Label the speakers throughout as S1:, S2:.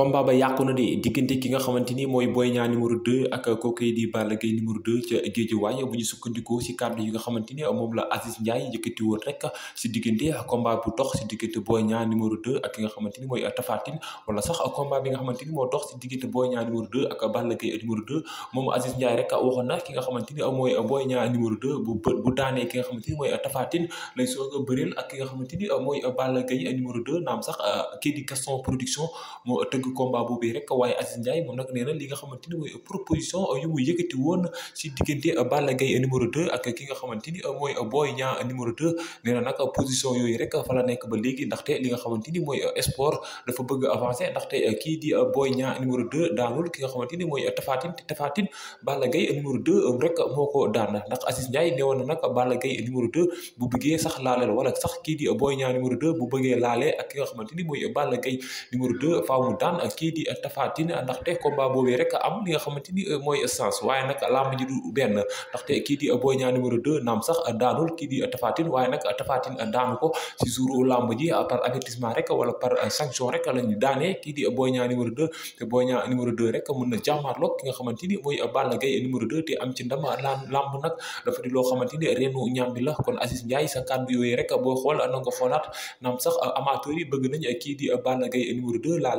S1: combat ba yàqu na de diggante ki nga xamante ni mooy Boy Niang numéro 2 ak kooku di Balla si kàddu yi nga xamante ni moom la Aziz Ndiaye yëkkati woon rek si diggante combat bu dox si diggante Boy Niang numéro 2 ak ni mooy Tapha Tine wala sax combat bi nga ni moo dox si diggante Boy Niang numéro 2 ak Balla na ki nga xamante ni mooy Boy Niang numéro 2 bu bu daanee ki nga xamante ni mooy Tapha Tine lay soog a bëreel ak ki nga xamante ni mooy euh, tëgg bëgg combat boobee rek waaye Aziz Ndiaye moom na li nga xamante ni mooy proposition yu mu yëkkati woon si diggante Balla Gaye numéro 2 ak ki nga xamante ni mooy Boy Niang numéro 2 nee na nag position yooyu rek la nekk ba léegi ndaxte li nga xamante ni mooy sport dafa bëgg avancer ndaxte kii bu bëggee sax laaleel wala sax kii di Boy Niang numéro 2 bu bëggee laalee ak ki nga xamante ni mooy Balla Gaye numéro 2 faaw mu daan man ak a di Tapha Tine ndaxte combat boobee rek am li a xamante ni euh, mooy sens waaye a làmb ji du benn ndaxte kii a Boy Niang numéro 2 naam sax a kii di Tapha Tine waaye nag Tapha Tine daanu euh, euh, numéro 2 te am ci ndam laan làmb nag dafa di loo xamante ni reenu la kon Aziz Ndiaye sa kàddu yooyu rek boo xool na nga xoolaat naam sax amateur yi bëgg nañ kii di Balla Gaye numéro 2 laa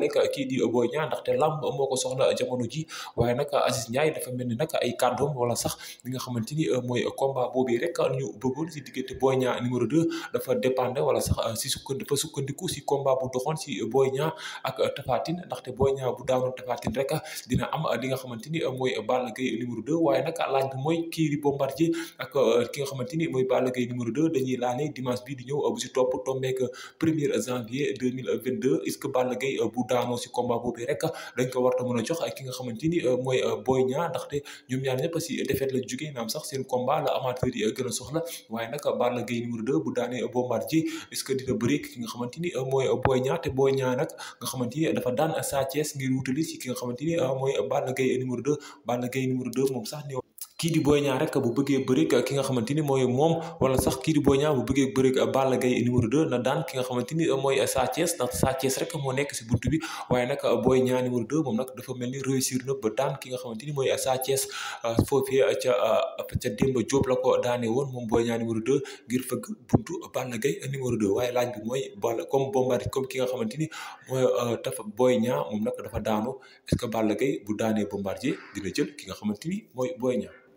S1: kii di a Niang ndaxte làmb moo ko soxla jamono ji waaye nag Aziz Ndiaye dafa mel ni nag ay kàddoom wala sax li nga xamante ni euh, mooy combat boobu rek ñu bëggoon si diggante Boy Niang numéro 2 dafa dépendre wala sax si euh, sukk dafa sukkandiku si combat bu doxoon si euh, Boy Niang ak Tapha Tine ndaxte Boy Niang bu daanoon Tapha Tine rek dina am a nga xamante ni mooy Balla Gaye waaye nag laaj bi mooy kii Bombardier ki nga xamante ni mooy Balla Gaye numéro 2 dañuy laale dimanche bii di ñëw bu si topp tombeek premier janvier 2022 est-ce que Balla Gaye bu daanoo si combat boobu rek dañ ko war a mën a jox ak ki nga xamante ni euh, mooy euh, Boy Niang ndaxte ñoom ñaar ñëpp si défaite la jógee naam sax seen combat la amateur yi gën a soxla waaye nag Balla Gaye numéro 2 bu daanee Bombardier est-ce que dina bëri ki nga xamante ni euh, mooy Boy Niang te Boy Niang nag nga xamante dafa daan Sa Thiès ngir wutali si ki nga xamante ni mooy Balla Gaye numéro 2 Balla Gaye numéro 2 moom sax ne kii di booy ñaa rek bu bëggee bëreeg ki nga xamante ni mooy moom wala sax kii di Boy bëggee bëreeg Balla Gaye numéro 2 na daan ki nga xamante ni mooy Sa Thiès ndax Sa moo nekk si buntu bi waaye nag Boy Niang numéro 2 moom nag dafa mel ni réussir na ba daan ki nga xamante ni mooy Sa Thiès euh, foofee ca euh, ca Demba Diop la ko daane woon moom Boy Niang numéro 2 ngir fëgg buntu Balla Gaye numéro 2 waaye laaj bi mooy Balla comme Bombardier comme ki nga xamante ni mooy dafa euh, Boy Niang moom nag dafa daanu est-ce Balla Gaye bu daanee Bombardier dina jël ki nga xamante ni mooy Boy Niang